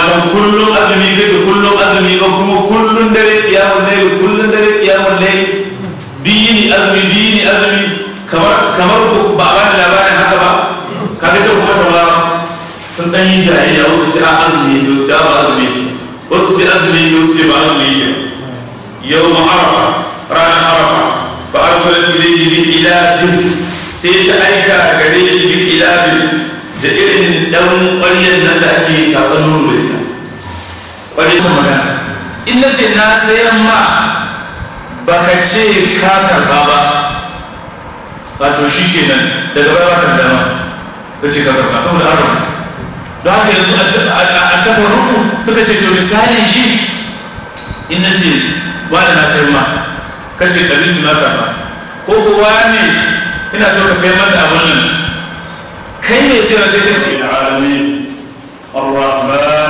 watan kullum azumi kake kullum azumi ba kuma kullum dare kiyamun laili kullum dare kiyamun laili dini azumi dini azumi kamar kamar ku ba ba da labarin haka ba kaga ce kuma ba sun dan yi jayayya wasu ce a azumi ne wasu ce ba azumi ne wasu ce azumi ne wasu ce ba azumi ne yau ma arafa ranar arafa fa arsalat ilayhi bi ilabin sai ta aika gare shi bi ilabin da irin dan ƙwaryar nan da ake tafa nuru da ita wajen cin magana in ce na sayar ma baka ce ka karba ba wato shi kenan daga baya baka dama ka ce ka karba saboda an rubu don haka yanzu a taɓa ruku suka ce to misalin shi in ce wani na sayar ma ka ce ɗari tuna karba ko kuwa ne ina so ka sayar mata abin nan kai ne sai na sai ka ce alamin الرحمن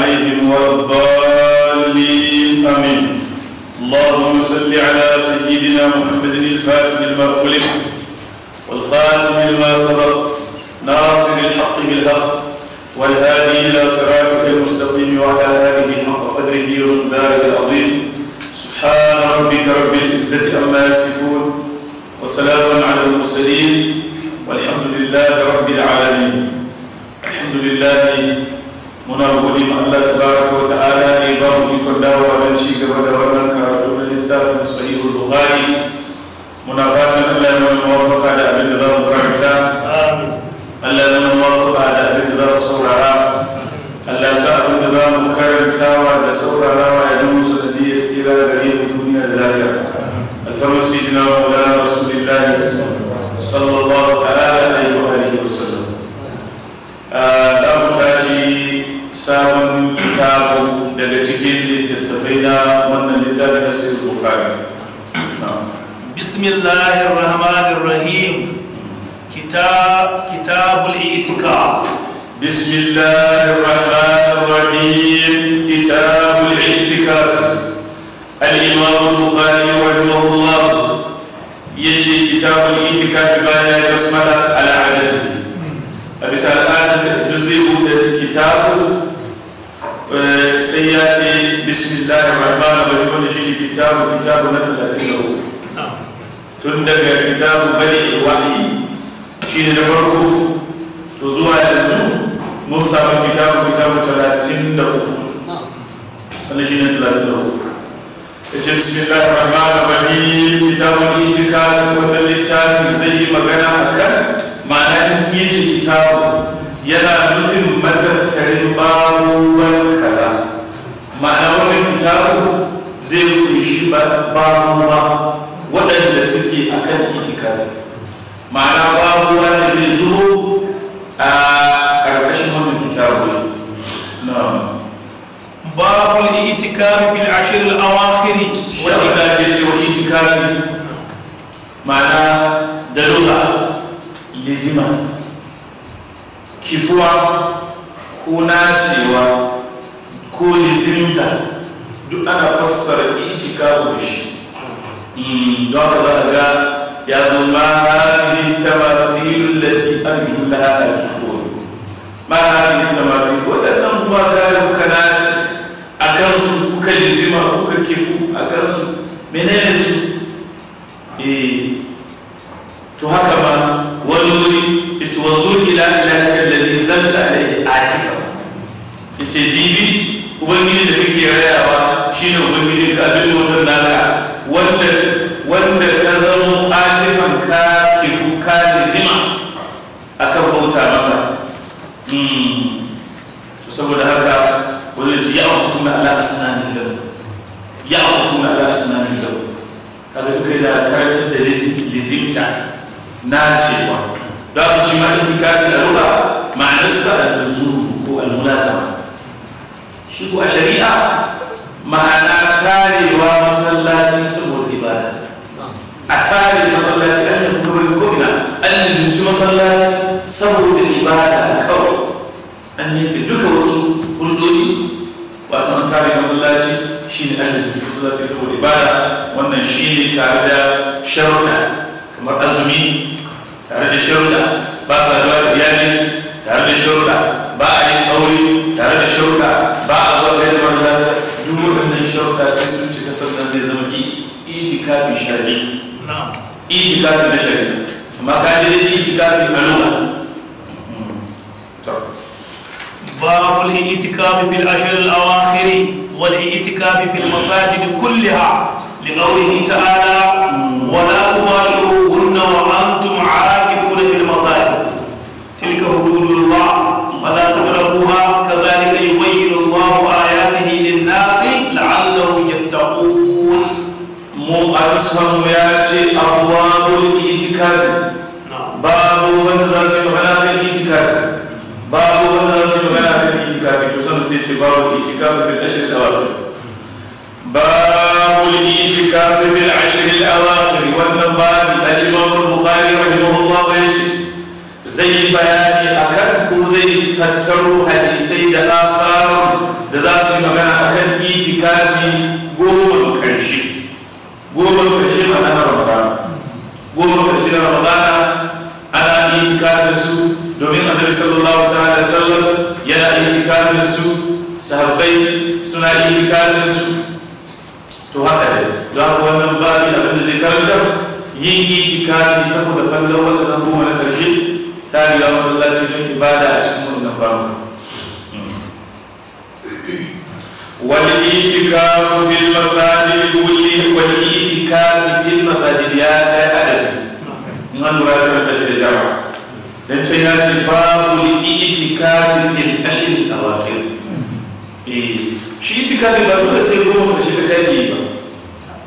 wannan shi ne talatin da hudu ya ce bismillah rahman zai yi magana akan ma'ana in yana nufin matattarin babuwan kaza ma'ana wannan kitabu zai kunshi babuwa waɗanda suke akan itikafi ma'ana babuwa zai zo الاعتكاف في العشر الأواخر وإذا جلس واعتكاف معنى دلغة لزمة كفوة كوناتشيوة ko lizinta duk ana fassara itikafu da shi don ka ga ya zama hadin tamathil lati antum laha akifun ma hadin tamathil wadannan kuma kayan kana a kansu kuka lizima kuka kifu a kansu menene su e to haka ba wani wuri ita wanzu ila ilaha alladhi zanta alayhi atika yace dibi ubangiji da kake rayawa shine ubangiji ka abin motar naka wanda wanda ka zamo akifan ka kifu ka lizima akan bauta masa hmm. saboda haka wani ya ما لا أسنان له يعرف ما لا أسنان له هذا كذا كرت لزم لزم تاع ناجي لا تجي ما انتكاك للغة مع نسا النزول هو الملازمة شو الشريعة مع نتاري ومسلات سمو الإبادة أتاري مسلات أن يكون الكوينة أن يزم تمسلات سمو الإبادة الكو أن يكون دوك كل دولي wato an tare masallaci shine an lazimci masallaci saboda ibada wannan shi ne tare da sharuɗa kamar azumi tare da sharuɗa ba sa zuwa da iyali tare da sharuɗa ba a yin aure tare da sharuɗa ba a zuwa da yadda wanda duk waɗannan sharuɗa sai sun kasar sannan zai zama itikafi shari'i itikafi na shari'i amma ka je itikafi a lura باب الاعتكاف بالعشر الأواخر والاعتكاف بالمساجد كلها لقوله تعالى ولا تباشروهن وأنتم عاكفون في المساجد تلك حدود الله ولا تقربوها كذلك يبين الله آياته للناس لعلهم يتقون مو أرسهم ياتي أبواب الاعتكاف نعم. sai ce babu itikafi fil ashr al awakhir babu wannan babu al imam bukhari rahimahullah ya ce zai bayani akan ko zai tattaro hadisai da afarun da za su magana akan itikafi goma karshe goma karshe ma na ramadana goma karshe na ramadana ana itikafin su domin annabi sallallahu ta'ala sallam yana itikafin su sahabbai suna itikafin su to haka ne Za ku wannan babi abin da zai karanta yin itikafi saboda fallon wannan goma na karshe ta riga masallaci don ibada a cikin wannan babu والاعتكاف في المساجد ya ta في المساجد يا أهل ta رأيت da جواب dan can ya ce babu itikafi fil ashir awakhir eh shi itikafi ba dole sai goma ka shi ka dake ba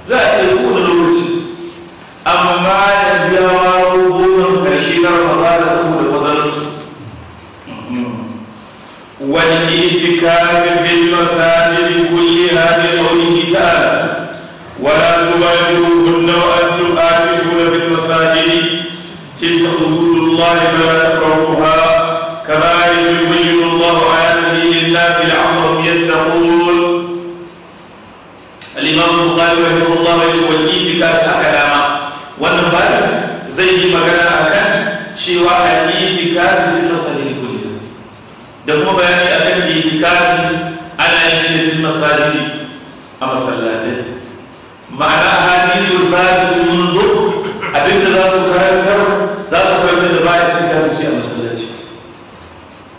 za a iya kowane lokaci amma ya ya waro goma karshe na ramadana saboda fadalarsu wani itikafi fil masajid kulliha bi qawlihi ta'ala wala tubashiruhunna wa antum aakifuna fil masajid تلك حدود الله فلا تقربوها كذلك يبين الله آياته للناس لعلهم يتقون الإمام البخاري رحمه الله يتوجه كان أكلاما ونبال زي ما قال أكل شواء الإتكاف في المساجد كلها دمو بياني أكل الإتكاف على أجل في المساجد أما صلاته معنى هذه الباب المنذر أبدا ذا سكرتر za su karanta da ba a su yi a masallaci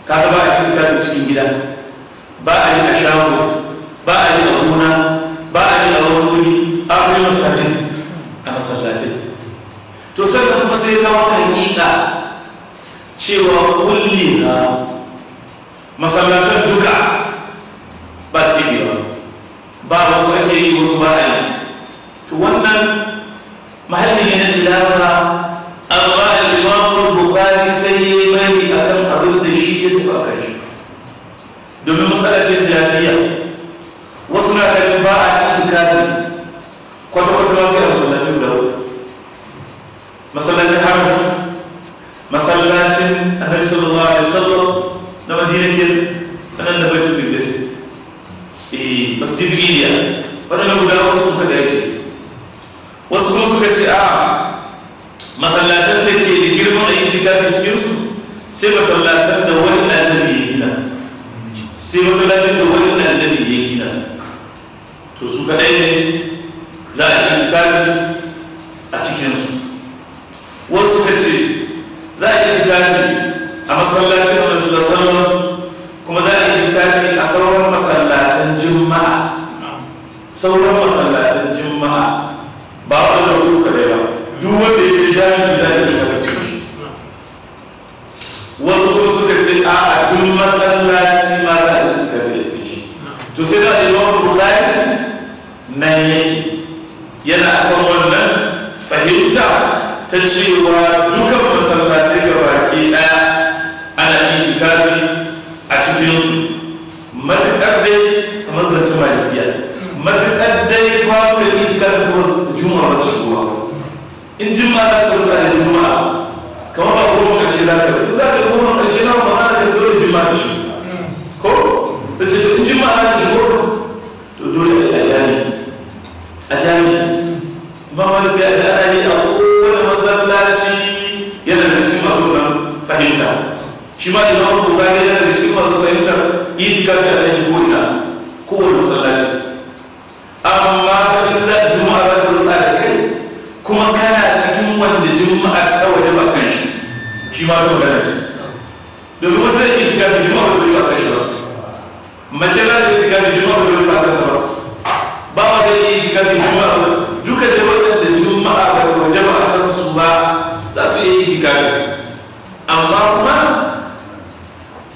kada ba a yi itikafi cikin gida ba a yi a shago ba a yi a gona ba a yi a ba a fi masajin a masallatin to sai ka kuma sai ka wata hakika cewa kulle na masallatan duka ba biyu ba wasu ake yi wasu ba a yi to wannan mahallin ne masallacin haram masallacin annabi sallallahu alaihi wasallam na madina ke sanan da baitul miqdis eh masjidul iliya wadannan guda uku suka da yake wasu kuma suka ce a masallatan da ke da girman da itikafi cikin su sai masallatan cewa dukan masallatai fahimta shi ma imam abu zane yana da cikin masu fahimtar itikafi a tashi ko ina kowane masallaci amma ta in za juma'a za ta rutsa da kai kuma kana cikin wanda juma'a ta waje ba kan shi shi ma ta magana ce domin wata zai itikafi juma'a ta waje ba kan shi ba mace za ta itikafi juma'a ta waje ba kan ta ba ba ma zai yi itikafi juma'a ba duka da wadanda juma'a ba ta waje ba kan su ba za su iya itikafi amma kuma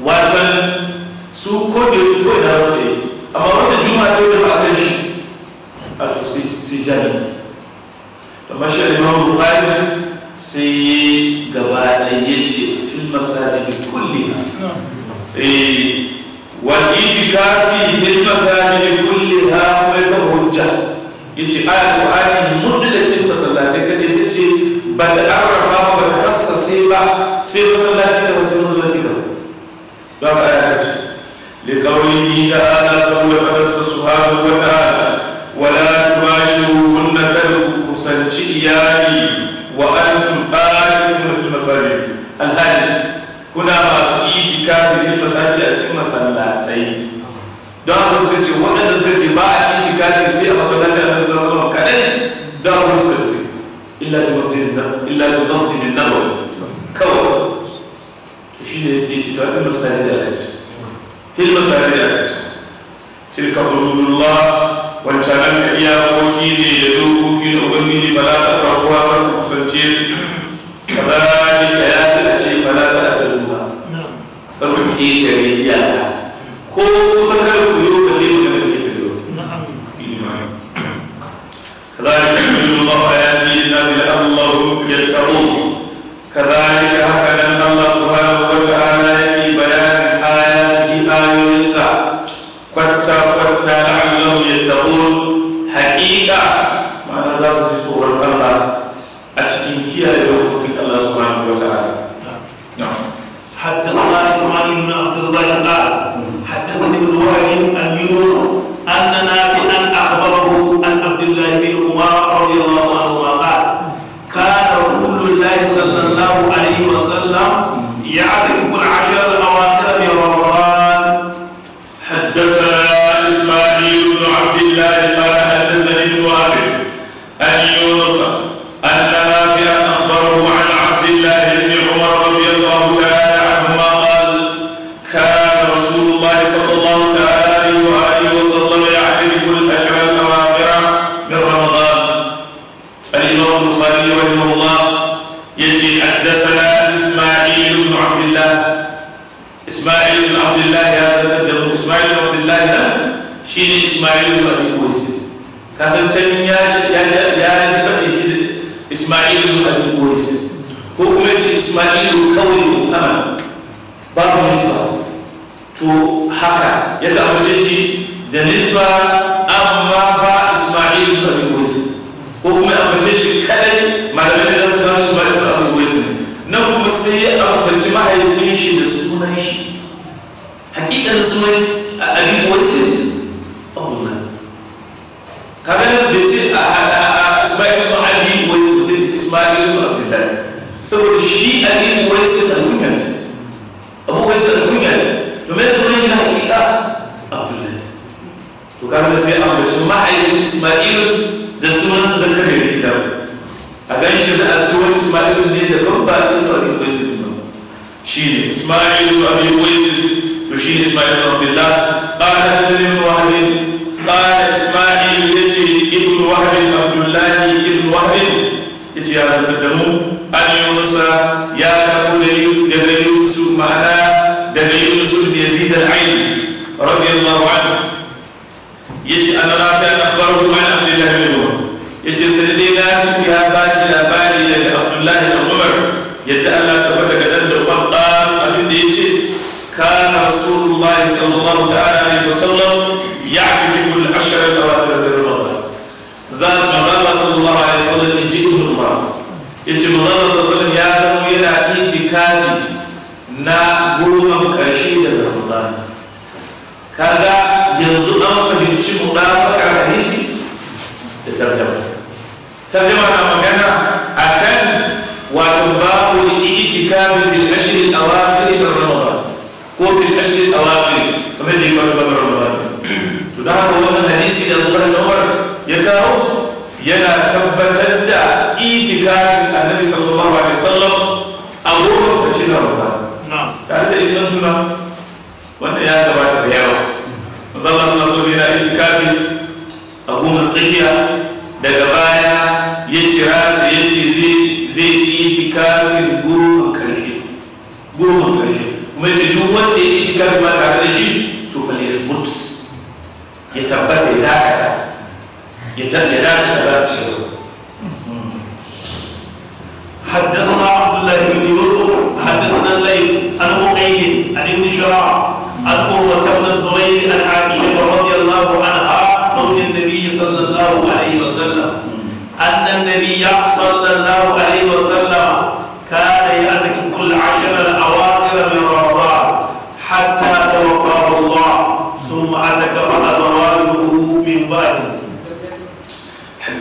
watan su ko da su ko da su yi amma wanda juma ta yi ba kai shi a to sai jani da mashi alimam bukhari sai yi gaba ɗaya ya ce fil masajid kullina eh wal itikafi fil masajid ha wa ta hujja yace ayatul qur'ani mudda sai masallaci ka sai masallaci ka ba ka aya ta ce liqaulihi ta'ala saboda fadarsa subhanahu wa ta'ala wala tubashiruhunna kada ku kusanci iyali wa antum qa'idun fil masajid alhali kuna masu itikafi fil masajid a cikin masallatai don haka suka ce waɗanda suka ce ba a itikafi sai a masallacin annabi sallallahu alaihi wasallam kadai da suka tafi illa fi masjidin nabawi kawai to shi ne sai ce to fil masajid da aka ce fil masajid da aka ce tilka hududullah wancan ka iya koki ne da dokoki na ubangiji ba za ta ɗaukuwa ba ku kusance su ka za ni ka ya ta ce ba za ta atallu ba kar ku ƙetare iyaka ko kusa kar ku yi hakikanin sunan abin wace abdullah kaga nan bai ce isma'il ibn ali wace ba sai isma'il ibn abdullah saboda shi ali wace da kunya ce abu wace da kunya ce domin sunan shi na hakika abdullah to kaga sai ambacin ma'aikin isma'il da sunansa don kada ya rikita a gan shi za a ci wani isma'il ne da babba ɗin da wani wace ɗin ba shi ne isma'il abin wace وشين إسماعيل بن عبد الله قال حدثني ابن وهب قال إسماعيل يجي ابن وهب عبد الله ابن وهب يجي على تدمو أن يونس يا تقولي دبي يونس معنا دبي يونس بن يزيد العين رضي الله عنه يجي أن رافع أخبره عن عبد الله بن عمر يجي سندي لكن يا باشي لا بالي لك عبد الله بن عمر يتألى تبتك دندر وقال أبن يجي كان رسول الله صلى الله تعالى عليه وسلم يعتكف العشر الاواخر في رمضان زاد مزال صلى الله عليه وسلم يجيء رمضان يجي مزال صلى الله عليه وسلم يعلم الى اعتكاف نا غرما كرشيد رمضان كذا ينزو انفه يجي مضافك على حديثي الترجمه ترجمه انا مكانا اكل وتنباب الاعتكاف بالعشر الاواخر من رمضان ko fil ashri al-awakhir kamar da yake da Ramadan to da haka wannan hadisi da Abdullah ibn Umar ya kawo yana tabbatar da itikafin Annabi sallallahu alaihi wasallam a wurin da shi na tare da idan tuna wanda ya gabata da yawa manzo Allah sallallahu alaihi wasallam yana itikafi a goma tsakiya daga baya ya cira ta yace zai zai itikafin guru lafi ما تعمل شيء shi to fa liyasbut ya tabbata ya dakata ya حدثنا عبد الله بن يوسف حدثنا الليث عن مقيل عن ابن شراع عن قوة بن الزبير عن عائشة رضي الله عنها زوج النبي صلى الله عليه وسلم أن النبي صلى الله عليه وسلم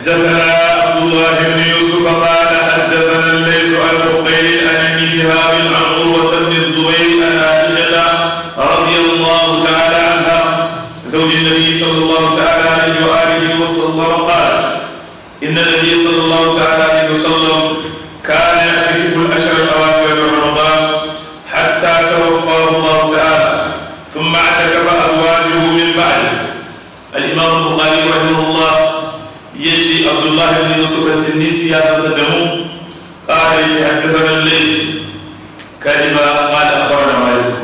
حدثنا عبد الله بن يوسف قال حدثنا الليث عن عقيل عن ابن شهاب عن عروة بن الزبير عن عائشة رضي الله تعالى عنها زوج النبي صلى الله تعالى عليه وآله وسلم قال إن النبي صلى الله تعالى عليه وسلم كان يعتكف الأشهر الأواخر من رمضان حتى توفاه الله تعالى ثم اعتكف أزواجه من بعده الإمام البخاري رحمه الله الله بن يوسف التنيسي فتدعوه قال حدثنا الليل كلمة قال أخبرنا مالك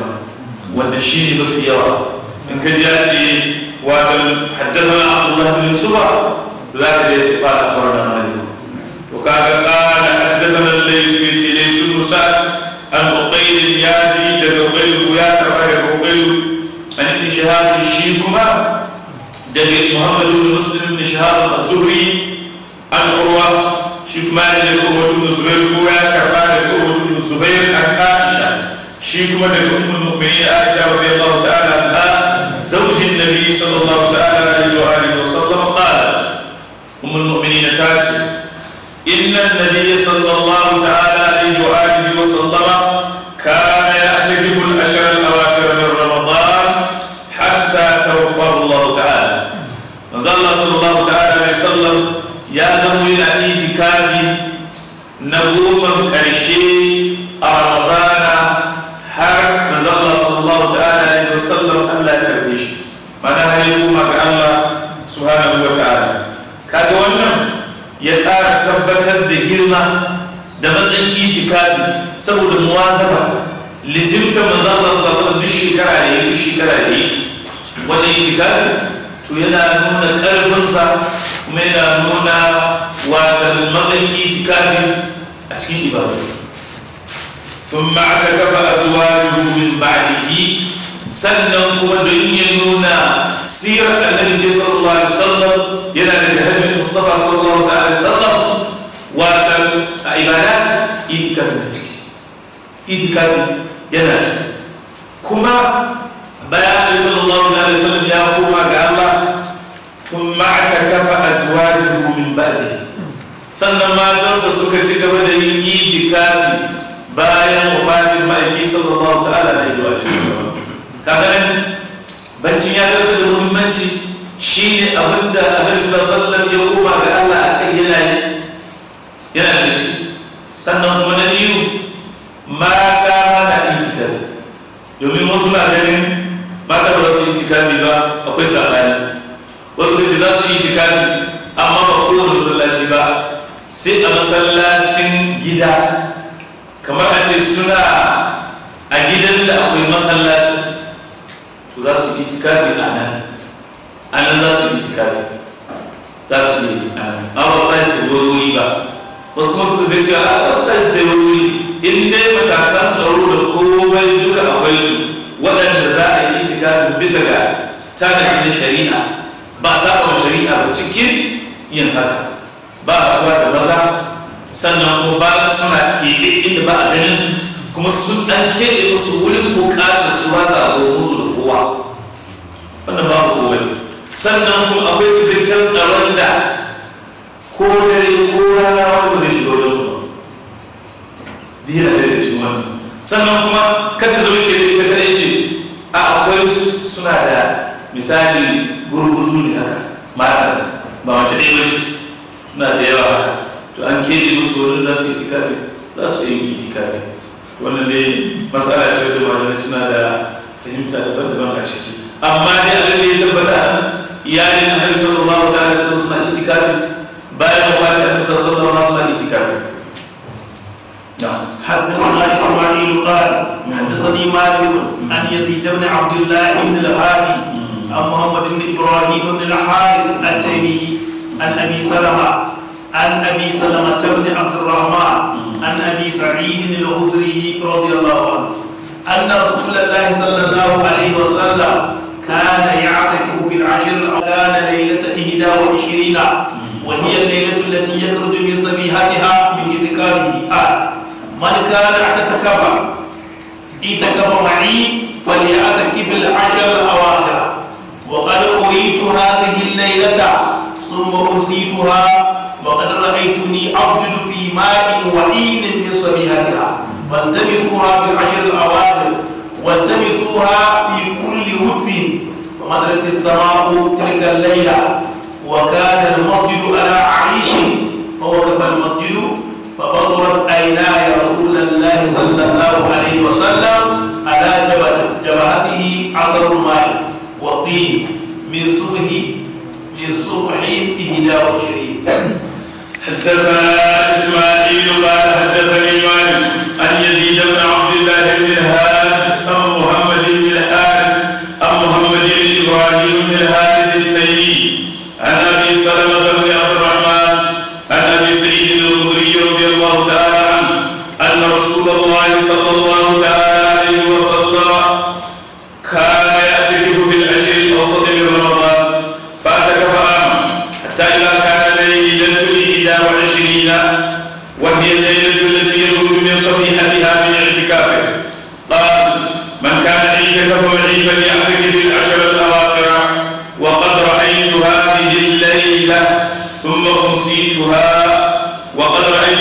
والدشين بخي يرى من كدياتي واتل حدثنا عبد الله بن يوسف لا كدياتي قال أخبرنا مالك وكان قال حدثنا الليث يأتي ليث بن سعد عن عقيل ياتي دك عقيل وياتر عن عقيل أن ابن شهاب الشيكما دليل محمد بن مسلم بن شهاب الزهري an urwa shi kuma ya daga urwatu ibn zubair ko ya karba daga urwatu ibn zubair an aisha shi kuma daga ummul mu'minin aisha radiyallahu ta'ala anha zawjin nabi sallallahu ta'ala alaihi wa alihi wa sallam qala ummul mu'minin ta ce inna an-nabiy sallallahu ta'ala alaihi wa alihi wa sallama كان يعتكف الأشهر الأواخر من رمضان حتى توفاه الله تعالى نزل الله صلى الله تعالى عليه وسلم يا itikafi na goma ƙarshe a ramadana har da zama sallallahu ta'ala alaihi wasallam Allah ya karbe shi mana har ya koma ga Allah subhanahu wa ta'ala kaga wannan ya ƙara tabbatar da girma da matsayin itikafi saboda muwazaba lizimta manzo Allah sallallahu alaihi duk shekara da yi duk shekara da yi wannan itikafi to yana nuna ƙarfinsa kuma yana nuna watan matsayin itikafi a cikin ibadu sun ma'ata kafa a zuwa rubin ba'adiki sannan kuma don ya nuna sirar annabi ce sallallahu alaihi wasallam yana da dahabin mustafa sallallahu alaihi wasallam watan a ibadat itikafi na ciki itikafi yana ciki kuma bayan annabi sallallahu alaihi wasallam ya koma ga Allah sun ma'ata kafa a zuwa rubin ba'adiki sannan matansa suka ci gaba da yin itikafi bayan wafatin ma'aiki sallallahu ta'ala na yi da shi kaga nan ya karanta da muhimmanci shine abinda annabi sallallahu عن أبي سلمة بن عبد الرحمن عن أبي سعيد الخدري رضي الله عنه أن رسول الله صلى الله عليه وسلم كان يعتكف في العشر كان ليلة إحدى وعشرين وهي الليلة التي يخرج من صبيحتها من اعتكافه قال من كان اعتكف اعتكف معي فليعتكف العشر الأواخر وقد أريت هذه الليلة ثم أنسيتها وقد رأيتني أفضل في ماء وعين من صبيهتها فالتمسوها في العشر الأواخر والتمسوها في كل هدب ومدرت السماء تلك الليلة وكان المسجد على عريش فوقف المسجد فبصرت عيناي رسول الله صلى الله عليه وسلم على جبهته عصر ماء وطين من صبح من صبح إهدى وعشرين حدثنا اسماعيل قال حدثني مالك عن يزيد بن عبد الله بن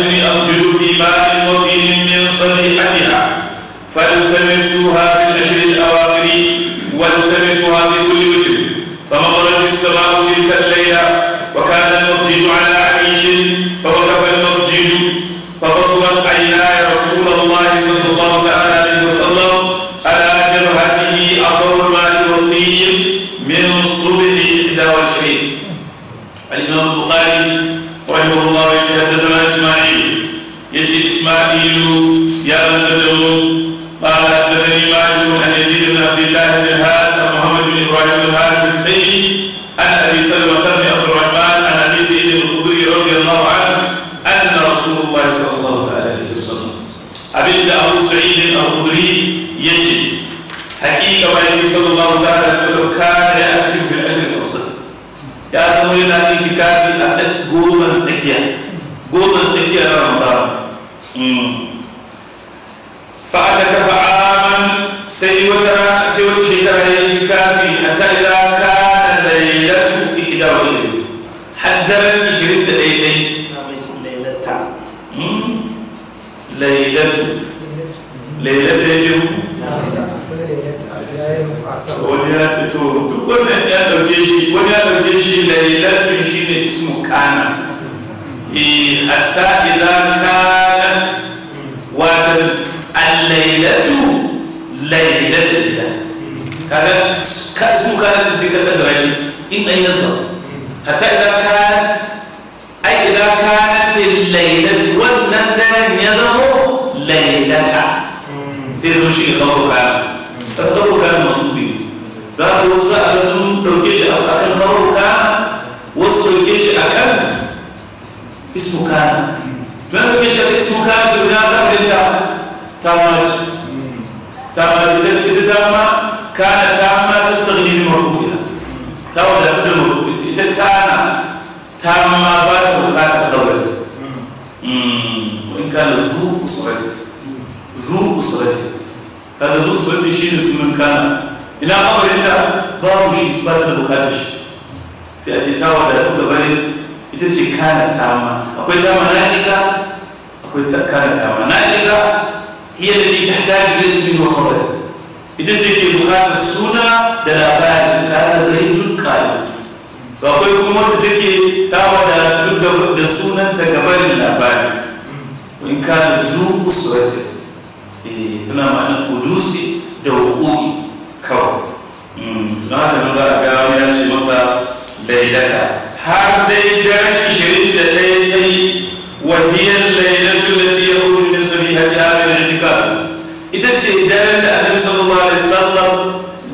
التي أسجد في ماء وطين من صليحتها فالتمسوها في الأشهر الأواخر والتمسوها في كل وجه فمطرت السماء تلك الليلة وكان المسجد على عريش فوقف المسجد فبصرت عيناي رسول الله صلى الله تعالى منصور قال حدثني مالك عن يزيد بن عبد الله بن هاد عن محمد بن ابراهيم الحارث التيمي عن ابي سلمه بن عبد الرحمن عن ابي سعيد الخدري رضي الله عنه ان رسول الله صلى الله عليه وسلم abin da abu sa'idin al-khudri ya ce haƙiƙa wa yake sallallahu ta'ala da sallam kana ya tafi bil ashr al-awsat ya zama yana a goma tsakiya a fa'ata fa aman sai wata sai wata shekara ya wani wani ka ismu kana da sai ka kaddara shi in an yasba hatta idan kanat ai idan kanat lailatu wannan daren ya zamo lailata sai zama shi ne kamar kana ta kamar kana masu biyu za ka wasu za a sun ɗauke shi a kan kamar kana wasu ɗauke shi a kan ismu kana to yana ɗauke shi a kan ismu kana to idan ka ta mace ta mace ita ta ma kana ta ma tastaghni bi marfu'iha ta wadatu da marfu'ita ita kana ta ba ta bukatar zawali in kana zu usurati zu usurati kaga zu usurati shine sunan kana ina amarinta babu shi ba ta da shi sai a ce ta wadatu gabanin ita ce kana tama akwai tama na isa akwai ta kana tama na isa hiya da ta tahtaji ila ismin wa ita ce ke bukatar suna da labarin zai zaidun da ba kai kuma wata take ta wadatu da ta gabarin labari in kana zu usrati eh, tana ma'anin kudusi da hukumi kawai hmm, na haka nan za a ga ya ce masa laidata. har dai daren ishirin da ɗaya ta yi wahiyar lailatul lati yahudun yi a lailatika ita ce daren da annabi sallallahu alaihi wasallam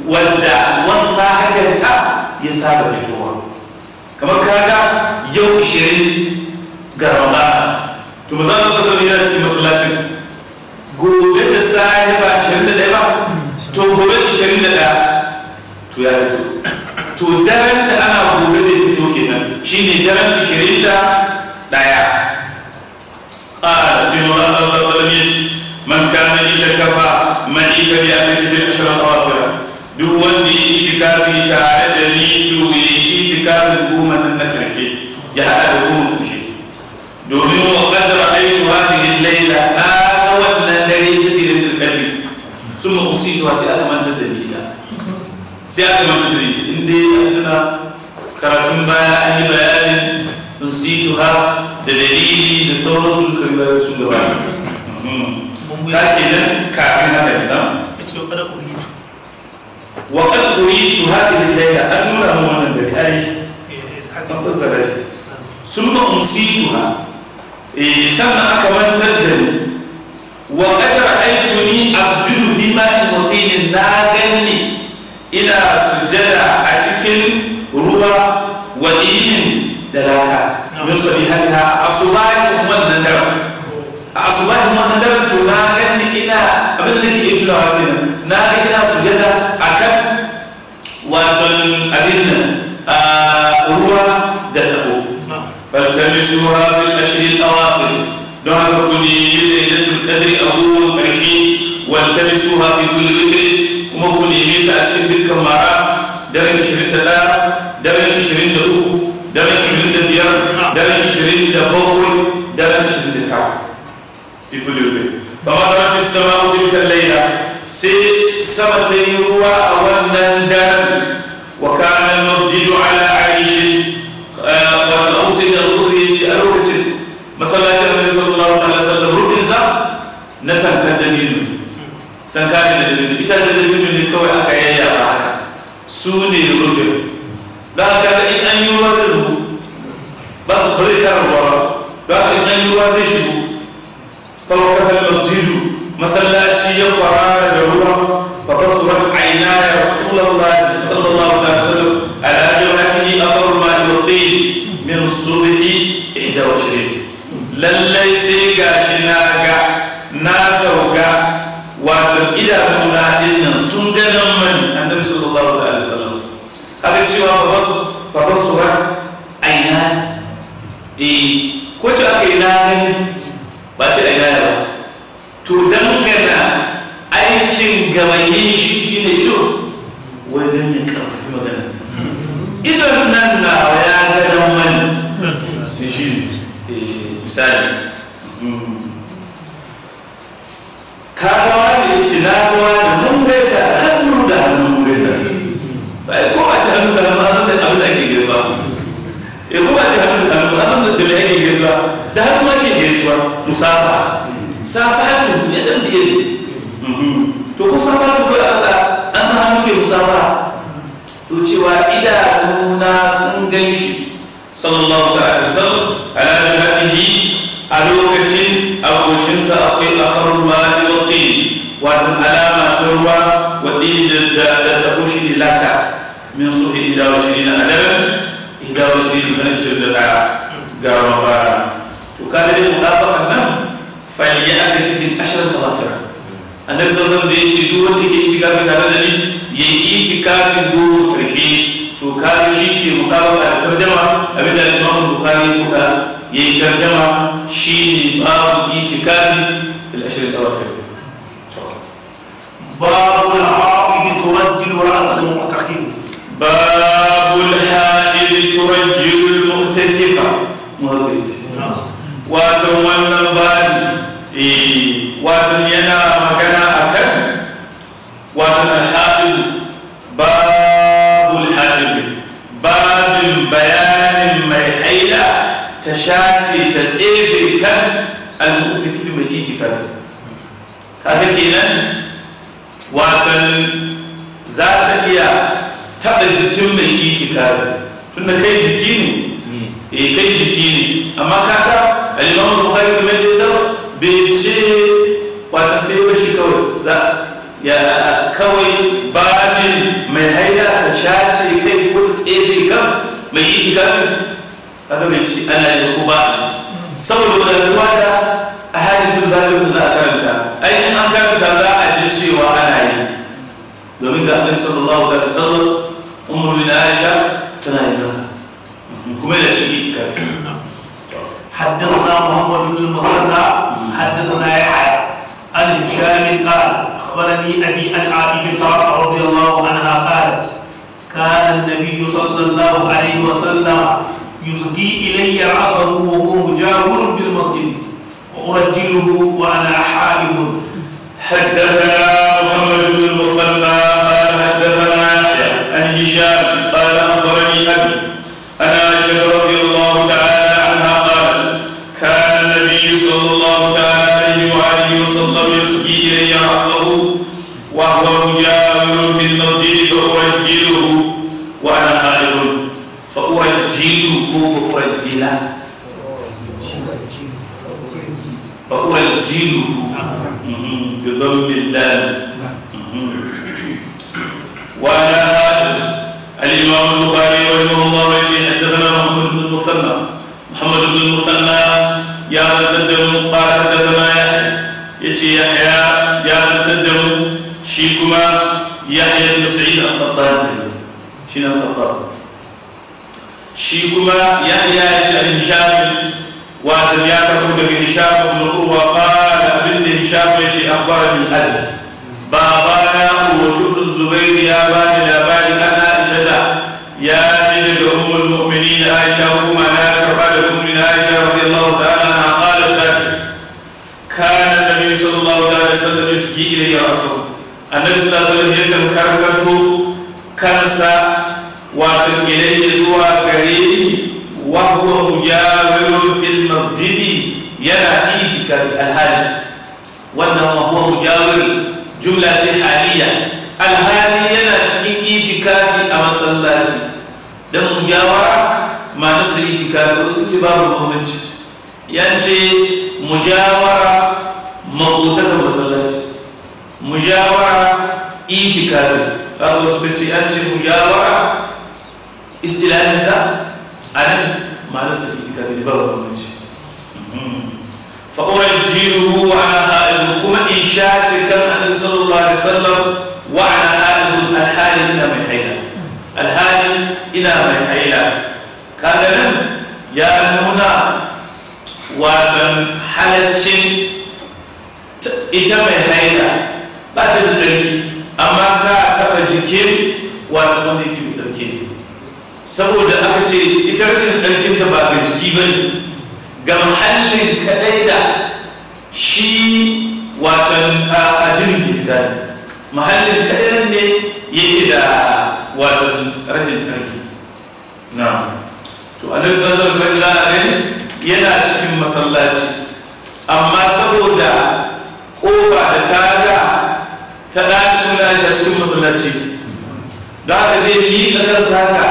wanda wani ta ya saba fitowa kamar kaga yau 20 ga ramadan to ba za mu sassa yana cikin masallacin gobe da sahi ba 21 ba to gobe 21 to ya fito to daren da ana gobe zai fito kenan shine daren 21 قال سيدنا الله صلى الله عليه وسلم من كان shakka ba man ita bi ta fil ashra al-akhira duk wanda yi itikafi tare da ni to yi itikafin goma na karshe ya hada da goma karshe domin wa qad ra'aytu hadhihi layla ana wannan dare yake da tilkadi summa usitu wa sai aka mantar da ni ita sai inda ya karatun baya an yi bayanin usitu ha da dalili da sauransu da kariwa sun gabata ka kenan kafin haka ne nan ya ce kada uritu wa kad uritu hadhihi layla an nuna mu wannan dare ai eh sannan aka mantar da ni wa kad ra'aytuni asjudu fi ma'in mutin na ina sujjada a cikin ruwa wa da laka min wannan dare a suba yi kuma na gan ni ina abin da nake iya tunawa kai na na ga sujada a kan waton abin a ruwa da tabo bartan su ruwa bin ashirin awafin don haka ku ne yi da yadda tun a ruwan ƙarfi wata su hafi kulle kuma ku ne yi ta cikin dukkan mara ashirin da ɗaya ashirin da uku daren ashirin da biyar daren ashirin da bakwai fi kulli wutr fa qadarat tilka layla sai sama ta ruwa a wannan daren wa kana masjidu ala aishin wa al-awsi da al-qudri yace a lokacin masallacin annabi sallallahu ta'ala sallam rufin sa na tankan dalilu tankan da dalilu ita ce dalilu ne kawai aka yayya ba haka su ne rufin da haka in an yi ruwa zai zo ba su bari karar ruwa ba da haka in an yi ruwa zai shigo fawqatal masjidu masallaci ya kwarara da ruwa fa basurat aina ya rasulullah sallallahu alaihi wasallam ala jumatihi amru ma yuqi min subhi ida wa shirin lallai sai gashi na ga na dauga wato idanun na dinnan sun ga nan man annabi sallallahu alaihi wasallam kaga cewa fa basu fa basurat aina e eh, ko ce aka yi na gani ba sai a gane ba to gana aikin gamayin shi shi ne ido wai don ya karfafi magana idon nan na ya ga dan mani shi ne eh, misali musafa safatu ya dan biye mhm. to ko safatu ko aka an san muke musafa to cewa idanuna sun gan sallallahu ta'ala sallam ala jihatihi a lokacin agoshinsa akwai afarul mali wa qil wato alama ta ruwa wa qil da da ta kushi laka min suhi idawa shirina adab idawa shirina ganin shirin da ga mabara كان مضافا نعم فليأتني في الأشهر الأواخر النبي صلى الله عليه وسلم يشهد wanda ke itikafi tare da ni ya yi itikafin goma karshe to kare shi ke mukawa a tarjama abin da Imam Bukhari kuka ya yi tarjama shi ne babu itikafi fil ashr al awakhir باب العائد ترجل ولا المعتقين باب العائد ترجل da jikin mai itikafi tunda kai jiki ne eh kai jiki ne amma kaka kaga al-Imam Bukhari kamar da zama bai ce wata sai ba shi kawai za ya kawai ba ne mai haida ta shace kai ko ta tsere kan mai itikafi kaga mai ci ana yi ko ba saboda wadatuwa ta a hadisin babin da za a karanta ainihin an karanta za a ji cewa ana yi domin ga annabi sallallahu alaihi wasallam أم من آية تنهي النساء كمية تيجي تكافي حدثنا محمد بن المثنى حدثنا يحيى عن هشام قال أخبرني أبي عن عائشة رضي الله عنها قالت كان النبي صلى الله عليه وسلم يسقي إلي عصره وهو مجاور بالمسجد وأرجله وأنا حائض حدثنا محمد بن المصلى سفيان قال أخبرني أبي أن عائشة رضي الله تعالى عنها قالت كان النبي صلى الله تعالى عليه وآله وسلم يسقي إلي عصره وهو مجاور في المسجد فأوجهه musamma muhammadu bin musamma ya wancan da mu da zama ya ce ya haya ya shi kuma ya haya da a ƙaddar shi na ya haya ya ce alin shafi wata ya karɓo daga hishafi kuma kowa ƙara da hishafi ya ce an ƙwara min ali ba ba na zubairu ya ba ni labarin ana ajiyata ya مسلم أم المؤمنين عائشة أم لا تربى لكم من عائشة رضي الله تعالى عنها قالت كان النبي صلى الله عليه وسلم يشكي إلي رأسه النبي صلى الله عليه وسلم يكن كركته كنسا واتن إليه زوا كريم وهو مجاور في المسجد ينا إيتك الهالي وأنه وهو مجاور جملة حالية alhali yana cikin itikafi a masallaci Dan gyawa masu siriti kafin su ce babu mahimmanci ya ce mu jawara mabuta da masallaci Mujawara, jawara iti kafin kafin su kace ya ce mu jawara istilayensa a nan masu siriti kafin da babu mahimmanci fa'urar jiru wa na halin kuma in sha cikin adin sallallahu alaihi sallam wa na halin alhalin na mai haina alhalin ina mai haila kaga ya nuna watan halaccin ita mai haila ba ta da tsarki amma ta taɓa jikin wata wanda yake mai tsarki ne saboda aka ce ita rashin tsarkinta ba ga jiki ba ne ga muhallin kaɗai da shi watan a jirgin ta ne muhallin kaɗai ne yake da wato rashin tsarki na to annabi sallallahu alaihi wasallam yana cikin masallaci amma saboda kofa da taga ta ɗakin na shi cikin masallaci da haka zai miƙa kansa haka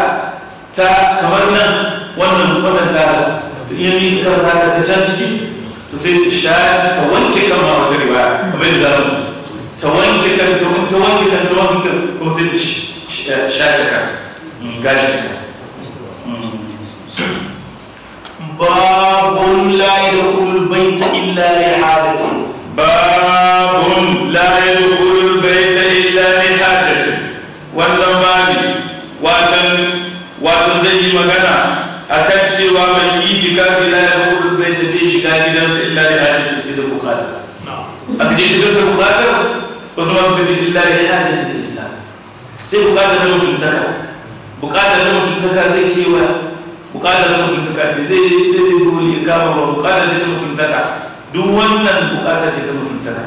ta kamar nan wannan wannan taga to iya miƙa kansa haka ta can ciki to sai ta shaci ta wanke kan ma wata riwaya kamar yadda ta wanke kan ta wanke kan ta wanke kan kuma sai ta shi shataka mm, gashinka mm. babun la yadkhulul bayta illa li hajati babun la yadkhulul bayta illa li hajati wannan babi watan watan zai yi magana a akan cewa mai itikafi la yadkhulul bayta bi shiga gidansa illa li hajati sai da bukata a kaje ta bukata wasu masu kaje illa li hajati sai bukata ta mutuntaka bukata ta mutuntaka zai kewa bukata ta mutuntaka ce zai zai dole ya kama ba bukata ce ta mutuntaka duk wannan bukata ce ta mutuntaka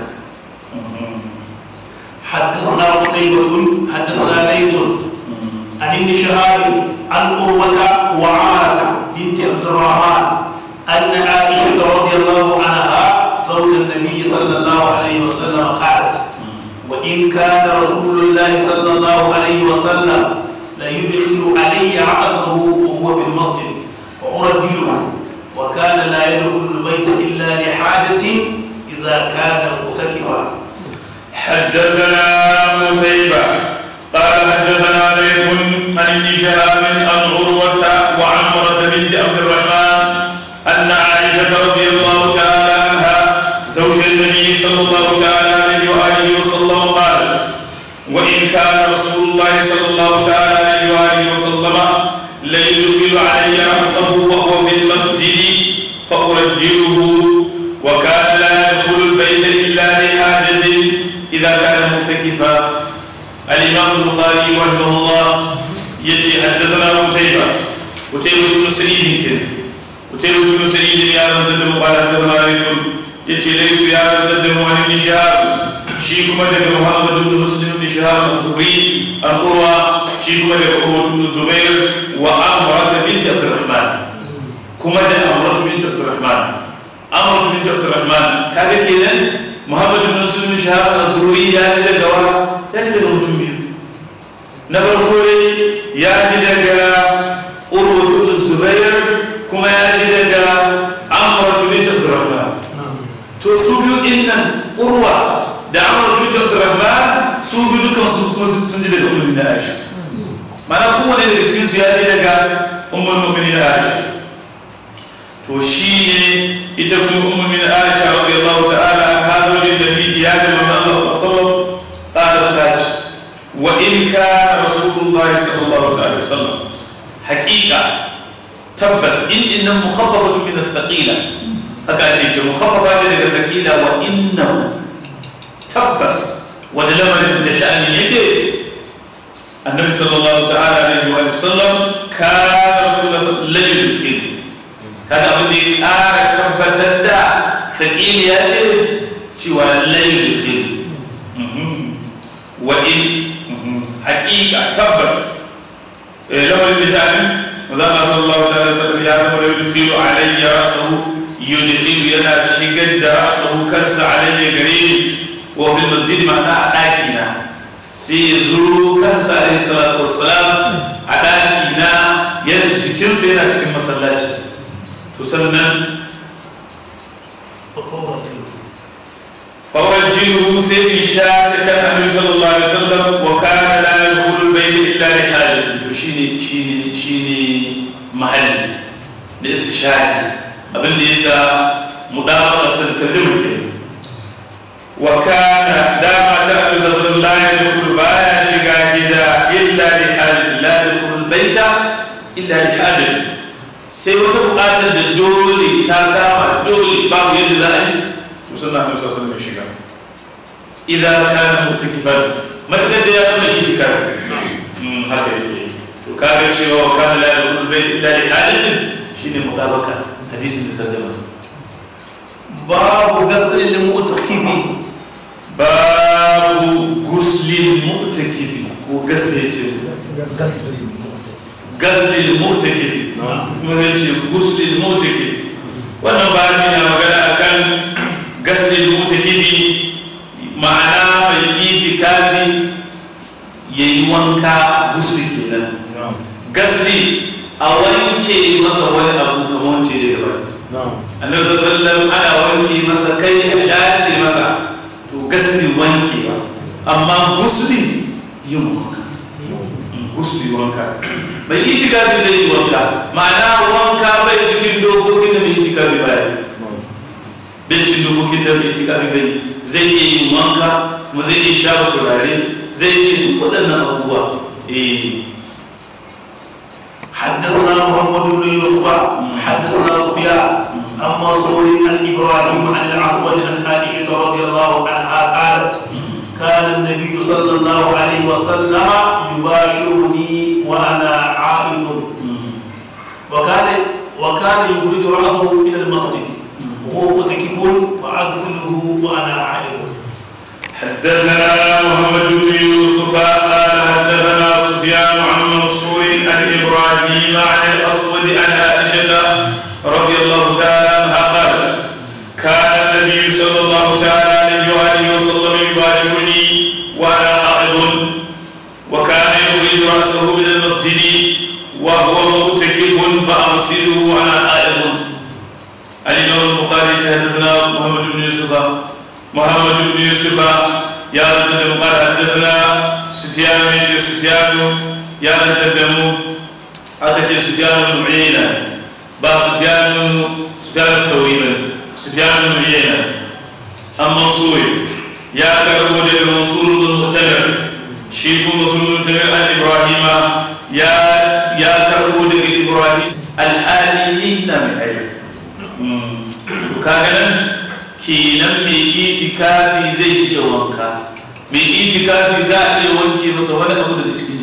حدثنا قتيبة حدثنا ليث عن ابن شهاب عن أمك وعارة بنت عبد الرحمن أن عائشة رضي الله عنها زوج النبي صلى الله عليه وسلم قال إن كان رسول الله صلى الله عليه وسلم لا يدخل علي رأسه وهو بالمسجد وأردله وكان لا يدخل البيت إلا لحاجة إذا كان مرتكبا حدثنا متيبة قال حدثنا ليث عن ابن شهاب عن عروة وعمرة بنت عبد الرحمن أن عائشة رضي الله كان رسول الله صلى الله تعالى عليه وآله وسلم لا يقبل علي رأسه وهو في المسجد فأرجله وكان لا يدخل البيت إلا لحاجة إذا كان متكفا الإمام البخاري رحمه الله يجي حدثنا قتيبة قتيبة بن سعيد يمكن قتيبة بن سعيد يا رب تدم قال حدثنا ليث يجي ليث يا رب تدم عن ابن شهاب shi kuma daga muhammad ibn muslim bin shahab az-zubayr al-urwa shi kuma daga urwa ibn zubair wa amrat bint abdurrahman kuma da amrat bint abdurrahman amrat bint abdurrahman kaga kenan muhammad ibn muslim bin shahab az-zubayr ya ji daga wa ya ji daga mutum biyu na farko dai ya ji daga urwa ibn ده عمر بن عبد الرحمن سوجد كان سوجد ام المؤمنين عائشه ما نقول قول لي تشين سياده لك ام المؤمنين عائشه تو شيء ام المؤمنين عائشه رضي الله تعالى عنها ولي النبي ديانه ما الله صلى الله قال تاج وان كان رسول الله صلى الله عليه وسلم حقيقه تبس ان ان مخطبه من الثقيله هكذا يجي مخطبه من الثقيله وانه تبس ودلمن دجان يدي النبي صلى الله تعالى عليه وآله وسلم كان رسول الله صلى الله عليه وسلم كان أبو دي آر تبت الدع ثقيل ياتي سوى الليل الخير وإن حقيقة تبس إيه، لمن دجان وذا ما صلى الله عليه وسلم يا رب يدخل علي رأسه يدخل ينا شقد رأسه كنس علي قريب wa fil masjid ma'ana a ɗaki na sai ya zo kansa alaihi salatu wassalam a ɗaki na yana jikinsa yana cikin masallaci to sannan fawar jiru sai in sha ta kan annabi sallallahu alaihi wasallam wa kana la yaqulu bayti illa li hajatin to shine shine shine mahalli da istishari abin da yasa mudawara san tarjuma kenan wa kana dama ta annabi sallallahu alaihi wasallam baya shiga gida illa li hajati la yadkhulul baita illa li hajati sai wata bukatar da dole ta kama dole babu yadda za a yi to sannan annabi sallallahu alaihi wasallam shiga idan kana mutakifan matakar da ya zama itikar haka yake to kaga cewa wa kana la yadkhulul baita illa li hajati shine mutabaka hadisin da tarjuma babu gasrin lil mu'taq babu guslin mu'takifi ko gasle ce gaslin mu'takifi kuma zai ce guslin mu'takifi wannan babu na magana kan gaslin mu'takifi ma'ana mai itikafi ya yi wanka ke nan. gasli a wanke masa wani abu kamar wance da ya bata annabi sallallahu alaihi wasallam ana wanke masa kai a dace masa gasli ba amma gusli yin wanka gusli wanka mai bi zai yi wanka ma'ana wanka bai cikin dokokin da mai bi bai bai cikin dokokin da mai bi bai zai iya yin wanka kuma zai iya ba turare zai iya duk waɗannan abubuwa حدثنا محمد بن na su سفيان عن سئل عن إبراهيم عن الأسود عن عائشة رضي الله عنها قالت كان النبي صلى الله عليه وسلم يباشرني وأنا عائد وكان وكان يخرج رأسه من المسجد وهو متكف وأغسله وأنا عائد حدثنا محمد بن يوسف قال حدثنا سفيان عن منصور عن إبراهيم عن الأسود عن عائشة رضي الله تعالى كان النبي صلى الله تعالى عليه وآله وسلم يباشرني وأنا أعظم وكان يخرج رأسه من المسجد وهو مرتكب فأرسله وأنا أعظم الإمام البخاري حدثنا محمد بن يوسف محمد بن يوسف يا رجل قال حدثنا سفيان بن سفيان يا رجل أتت سفيان بن عيينة با سفيان سفيان الثوري سفيان بن عيينة عن منصور يا كربو منصور بن مؤتمر شيخ منصور بن مؤتمر عن إبراهيم يا يا كربو إبراهيم الآليين بخير kaga nan kenan mai itikafi zai iya wanka mai itikafi za a iya wanke masa wani abu daga cikin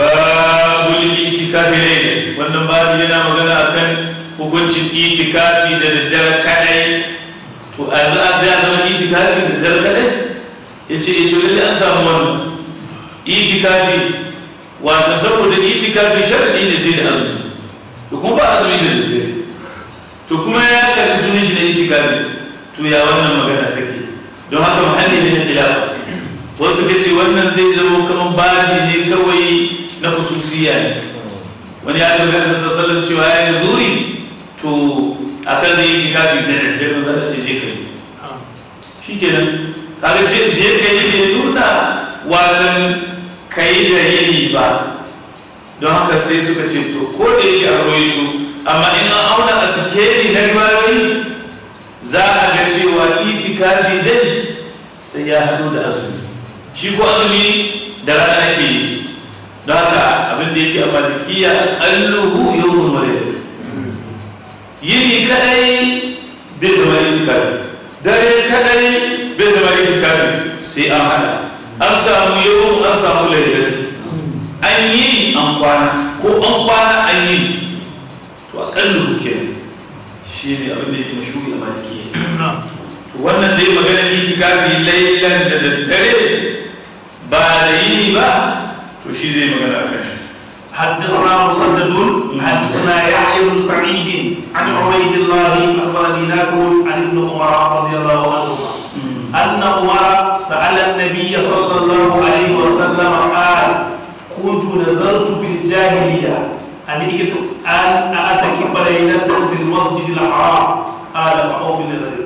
babul itikafi laila wannan babu yana magana akan hukuncin itikafi da daddare kadai to a za a zama itikafi da daddare kadai ya ce ito eh, lalle an samu wani itikafi wata saboda itikafi sharadi ne sai da azumi to kuma ba azumi da daddare to kuma ya karbi sunan shi na itikafi to ya wannan magana take don haka muhalli ne na filafa wasu ka ce wannan zai zama kamar babi ne kawai na hususiya ne wani ya tafi da sassalin cewa ya yi zuri to a kan zai yi tikafi da daddare za ka ce je ka yi shi kenan kaga ce je ka yi ne nuna watan ka yi da yini ba don haka sai suka ce to ko da yake a roito amma ina auna a sikeli na riwayoyi za a ga cewa itikafi dai sai ya haɗu da azumi shi ko azumi da rana ke yi shi don haka abin da yake a malikiya kalluhu yawmun da lailatu yini kadai bai zama itikafi dare kadai bai zama itikafi sai an hada an samu yau an samu laifin an yi an kwana ko an kwana an yi to a kalluhu shi ne abin da yake mashuri a malikiya to wannan dai maganar itikafi laifin da daddare بالي با تشي كاش حدثنا مسدد حدثنا يحيى بن سعيد عن عبيد الله اخبرني ناكل عن ابن عمر رضي الله عنهما ان عمر سال النبي صلى الله عليه وسلم قال كنت نزلت بالجاهليه يعني ان إيه اتكب ليله في المسجد الحرام قال فاؤمن لذلك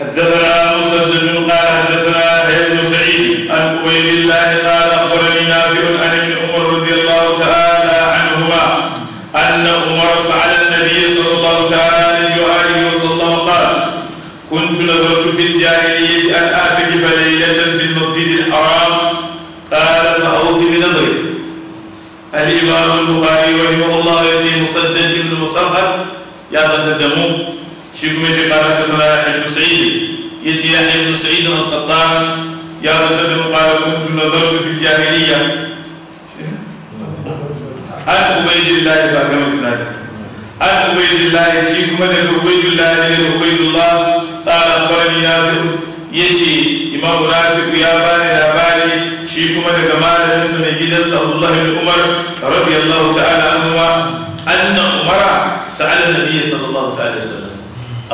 حدثنا مسدد قال حدثنا يحيى بن سعيد عن عبيد الله قال اخبرني نافع عن ابن عمر رضي الله تعالى عنهما ان عمر سال النبي صلى الله تعالى عليه واله وسلم قال كنت نذرت في الجاهليه ان اعتكف ليله في المسجد الحرام قال فاوق بنذرك الامام البخاري رحمه الله ياتي مسدد بن مصفر يا فتدموه shi kuma shi kala ta sana ya haibu sa'id ya ce ya sa'id na ya zata da mabara kuntu na zartu fil jahiliya an ubaidillah ba gama sinadar an ubaidillah shi kuma daga ubaidillah ne daga ubaidillah tsara kwarar yasir ya ce imam rafiku ya bani labari shi kuma daga malaminsa mai gidansa abdullahi bin umar radiyallahu ta'ala anhu anna umara sa'ala nabiyyi sallallahu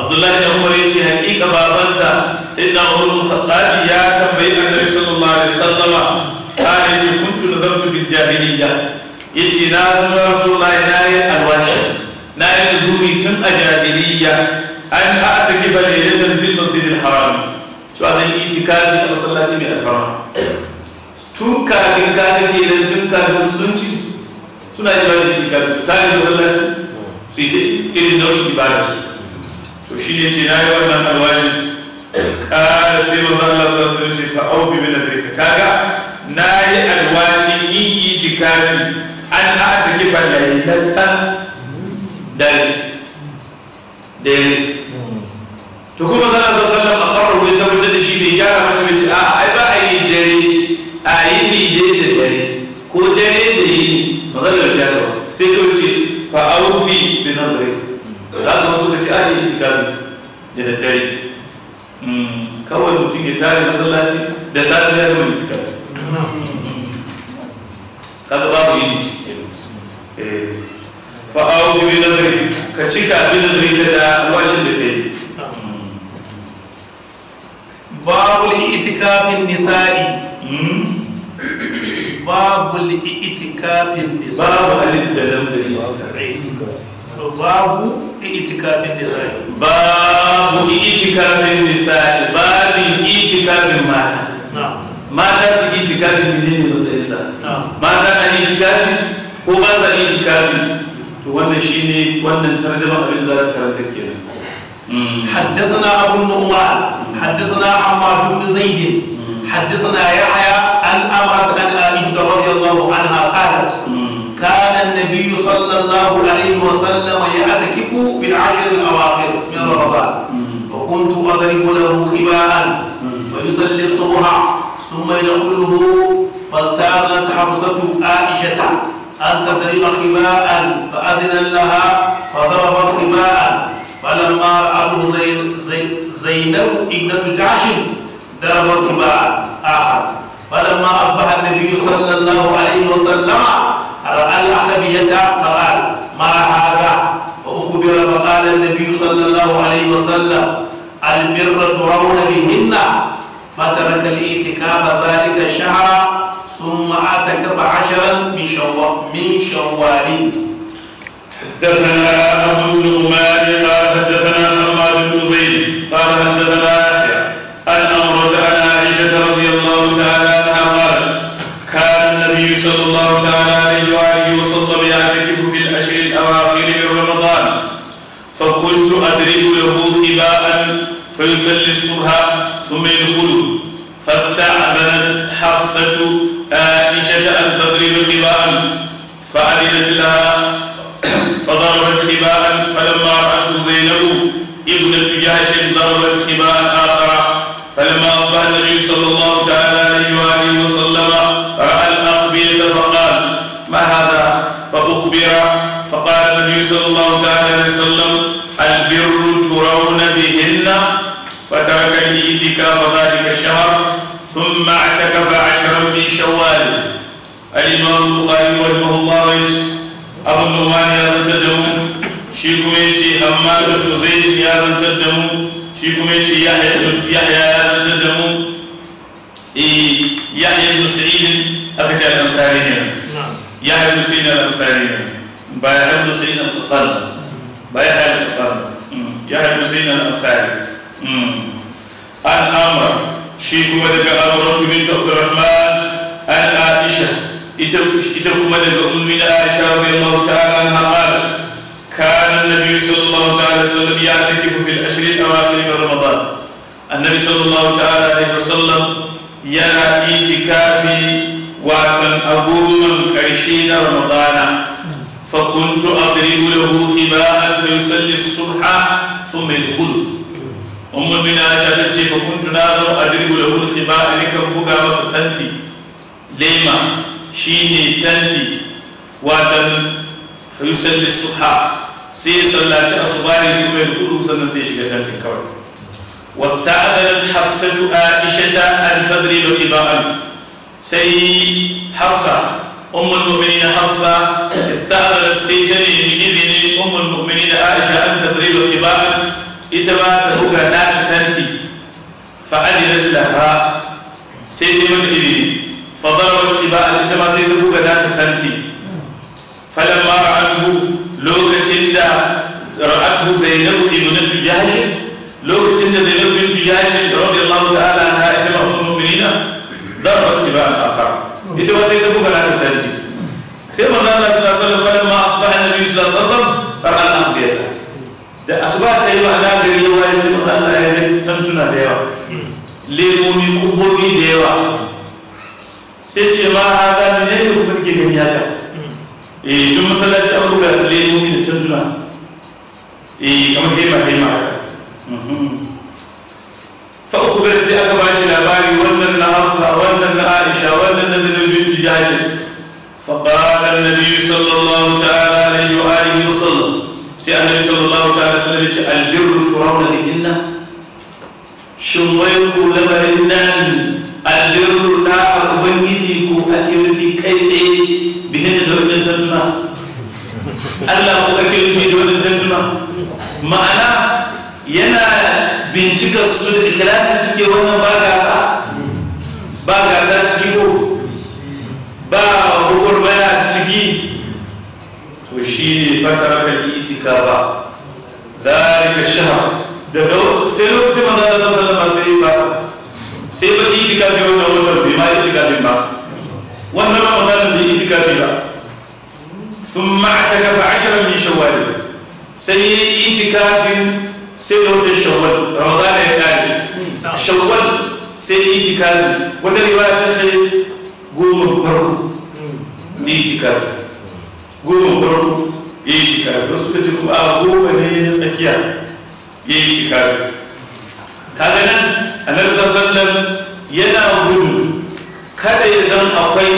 abdullahi da umar ya ce haƙiƙa babansa sai da wani khattabi ya tambayi annabi sallallahu alaihi wasallama ne ce kuntu nazartu fil ya ce na zama rasulullahi na yi alwashi na yi zuri tun a jahiliyya an a'ta kifa laylatan fil masjidil haram to an yi itikafi a masallaci mai alfarma tun kafin ka ke nan tun kafin musulunci suna yi ba da itikafi su tare masallaci su yi ta irin nau'in ibadarsu su to shi ne ce na yi wannan alwashi ƙara sai manzo Allah sallallahu alaihi ce ka aufi bi nadrika kaga na yi alwashi in yi jikari an ataki balailatan dare dare to kuma manzo Allah sallallahu alaihi wasallam aqarru ya tabbatar da shi ne gyara masa bai ce a ai ba a yi dare a yi ni dai da dare ko dare da yi manzo Allah ya ce sai to ce ka aufi na dare iskar da daddare mm, kawai mutum ya tare masallaci da ya gama itikar kaga babu yin eh, ka cika da da kai mm. itikafin nisa'i mm. itikafin nisa'i babu babu itikafin nisa'i babu itikafin nisa'i babin itikafin mata mata su itikafin menene matsayinsa mata na itikafin ko ba sa itikafin to wannan shine wannan tarjuma abin za ta karanta kenan حدثنا أبو النعمان حدثنا عمار بن زيد حدثنا يحيى عن أمرة عن رضي الله عنها قالت كان النبي صلى الله عليه وسلم يعتكف في العشر الأواخر من رمضان وكنت أضرب له خباء ويصلي الصبح ثم يقوله فالتانت حبسة عائشة أن تضرب خباء فأذن لها فضربت خباء فلما رأته زين زين زينب ابنة جعش ضربت خباء آخر فلما أصبح النبي صلى الله عليه وسلم العتبية فقال ما هذا وأخبر فقال النبي صلى الله عليه وسلم البر ترون بهن فترك الاعتكاف ذلك شهرا ثم اعتكف عشرا من شوال من شوال حدثنا ابو بن قال حدثنا حماد بن زيد قال حدثنا ان امرت عن عائشه رضي الله يعتكف في الأشهر الأواخر من رمضان فكنت أدرك له خباء فيصلي الصبح ثم يدخل فاستعملت حفصة عائشة أن تضرب خباء فأذنت لها فضربت خباء فلما رأته زينب ابنة جهش ضربت خباء آخر فلما أصبح النبي صلى الله تعالى عليه وآله وسلم رأى فقال النبي صلى الله عليه وسلم البر ترون بهن فترك الاعتكاف ذلك الشهر ثم اعتكف عشرا من شوال الإمام البخاري رحمه الله أبو النعمان يا بنت تدعون شيكويتي اما بن زيد يا بنت تدعون شيكويتي يحيى يحيى يا بنت تدعون يحيى بن سعيد أكثر الأنصاري ya haifu na ansari ne ba ya haifu sai na kutar ba ya haifu ya haifu na shi kuma daga amuratu bin abdurrahman Aisha ita kuma daga ummina aisha radiyallahu ta'ala anha qala kana an sallallahu ta'ala sallam ya'takifu fil ashr al-awakhir ramadan annabi sallallahu ta'ala alaihi wasallam yana itikafi watan abubuwan karshe na ramadana fa kuntu adribu lahu fi ba'al fa yusalli subha thumma yadkhulu umma bina ta ce fa kuntu na zo adribu lahu fi ba'al kan buga masa tanti lema shine tanti watan fa yusalli subha sai ya sallaci asubahi zuwa ya kudu sannan sai ya shiga tantin kawai wasta'adalat hafsatu aisha ta an tadribu ibadan sai hafsa ummul mu'minina hafsa ummul aisha an tabrilu ita ba ta tanti laha sai ta fa ita ma sai ta tanti ra'atuhu lokacin da ra'atuhu zainabu ibnatu lokacin da zainabu bintu radiyallahu ta'ala canji sai manzo Allah sallallahu alaihi wasallam falamma asbaha nabi sallallahu alaihi wasallam fara al-anbiyata da asuba ta yi wa gari yawa ya sai manzo Allah ya ga tantuna da yawa lemomi kubobi da yawa sai ce ma haka ne ne kuma kike gani haka eh duk masallaci an buga lemomi da tantuna eh kamar hema hema haka فأخبر سي أكباش الأباري ونن لحفصة ونن لعائشة ونن لزنب بنت جاشم فقال النبي صلى الله تعالى عليه وآله وسلم sai annabi sallallahu ta'ala sallam yace albirru turawna bihinna shin wai ku lamarin nan albirru da ubangiji ku ake rufi kai tsaye bihinna da wannan tantuna Allah ku ake rufi da wannan tantuna ma'ana yana bincika su da suke wannan ba فترك الاعتكاف ذلك الشهر daga sai lokacin manzo Allah sallallahu alaihi wasallam sai fasa sai ba itikafi wannan watan bai ma itikafi ba wannan Ramadan bai itikafi ba thumma atakafa 10 min shawwal sai itikafin sai watan shawwal Ramadan ya kare shawwal sai itikafi wata riwaya ta goma goma itikafi wasu suka ce kuma a goma ne na tsakiya ya yi itikafi kaga nan sassan sallallahu yana gudu kada ya zan akwai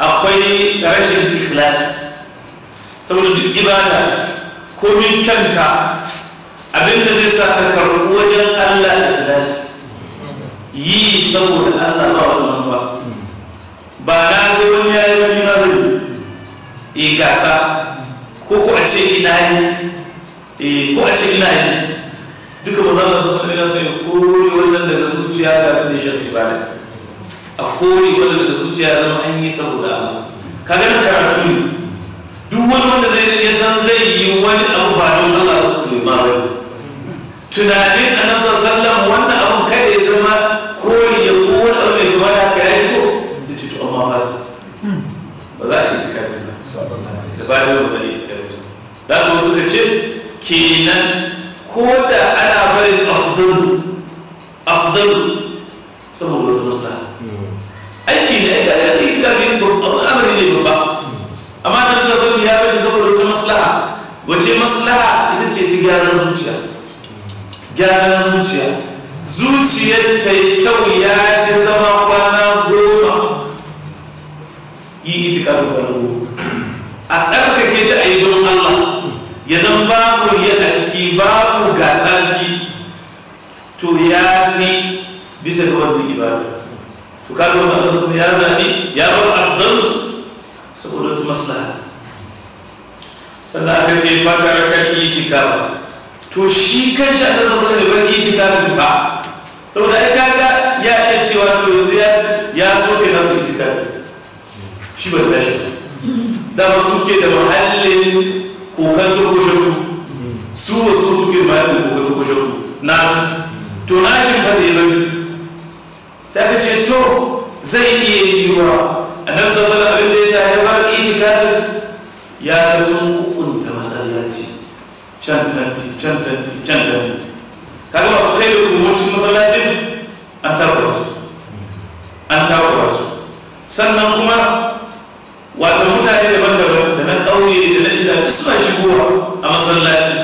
akwai rashin ikhlas saboda duk ibada komin kyanta abinda zai sa ta karɓi wajen Allah ikhlas yi saboda Allah ba wata manfa ba na ga wani ya yi gasa ko ko a ce ina yi eh, ko a ce ina yi duka ba za a sassan ina so ya kore wannan daga zuciya ga abin da ya shafi ibada a kore wannan daga zuciya ga zama an yi saboda Allah ka ganin karatu ne duk wani wanda zai ya san zai yi wani abu ba don Allah to ya ma wani tunanin annabi sallallahu alaihi wasallam wanda kaga wannan ya zaɓi ya bar afdal saboda wata maslaha sannan aka ce fatara kan itikafa to shi kan shi annabi sallallahu alaihi wasallam bar itikafin ba saboda ai kaga ya iya cewa to yanzu ya ya soke nasu itikafi shi bai tashi da ba suke da mahallin kokanto ko shakku su wasu suke da mahallin kokanto ko shakku nasu to nashin fa da ya bari sai ce to zai iya yiwuwa a nan sassan abin da ya sa ya bar itikafi ya ga sun hukunta masallaci can tanti can tanti can tanti kaga masu kai da hukumocin masallacin an takura su an takura su sannan kuma wata mutane daban-daban da na ƙauye da na ila duk suna shigowa a masallaci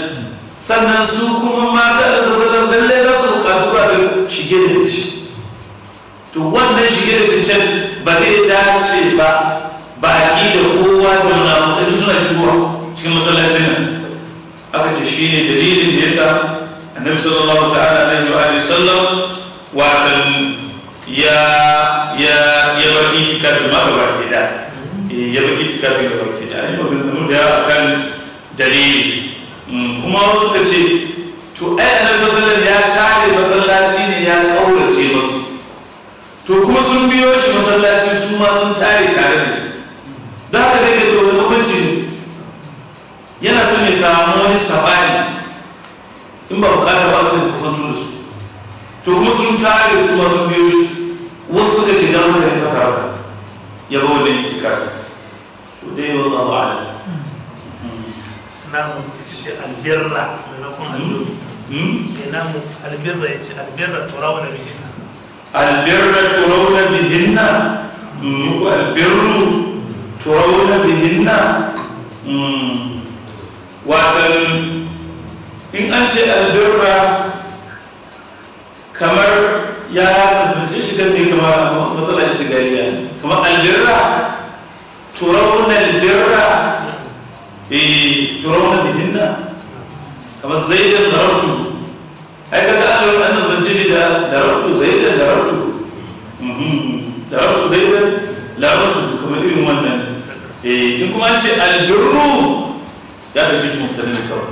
sannan su kuma mata da sassanar dalle za su bukatu ba da shige da shi to wannan shige da ficen ba zai dace ba ba baƙi da kowa da da suna shigowa cikin masallacin nan aka ce shi ne dalilin da ya yasa annabi sallallahu ta'ala yi wa alihi sallam watan ya ya ya bar itikafin ma gaba ke da eh, ya bar da gaba ke da ya maganganu da akan dalili hmm, kuma wasu ka ce to ai annabi ya tare masallaci ne ya kaurace to kuma sun biyo shi masallaci su ma sun tare tare da shi don haka zai gato wani mamanci yana son ya samu wani sabani in ba bukata ba da kusanto da su to kuma sun tare su ma sun biyo shi wasu suka ce da haka ne fata haka ya ba wannan itikafi to dai wallahu a'lam namu ita ce albirra maimakon hmm? albirra ya hmm? eh, namu albirra ya ce albirra turawa da bihin albirra turauna bihinna muku albirru in an ce albirra kamar ya kasance shi kan ne kamar matsala gariya. kamar albirra turauna albirra eh turauna هكذا قال لو أن الرجل إذا ضربت زيدا ضربته ضربت زيدا ضربته كما يقول من إن كما أنت البر يا بيجي مبتدئ الكون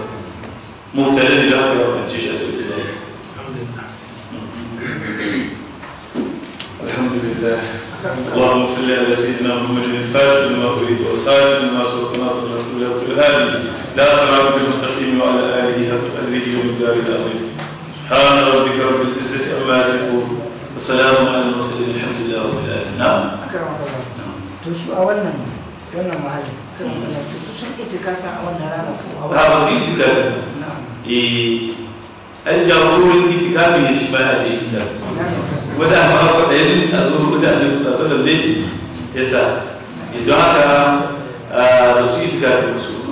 مبتدئ له يا رب أنت شايف الابتداء الحمد لله اللهم صل على سيدنا محمد الفاتح لما أريد والخاتم لما سبق ناصر الله كل هذه لا صراط بالمستقيم وعلى آله حق قدره ومقداره العظيم سبحان ربك رب العزة عما يصفون وسلام على المرسلين الحمد لله رب العالمين نعم أكرمك الله to su a wannan wannan mahallin to su sun itikata a wannan rana ko a itika su ya shi baya ce itikata wanda amma da yin a zo ko da Annabi sallallahu alaihi wasallam ne idan haka su su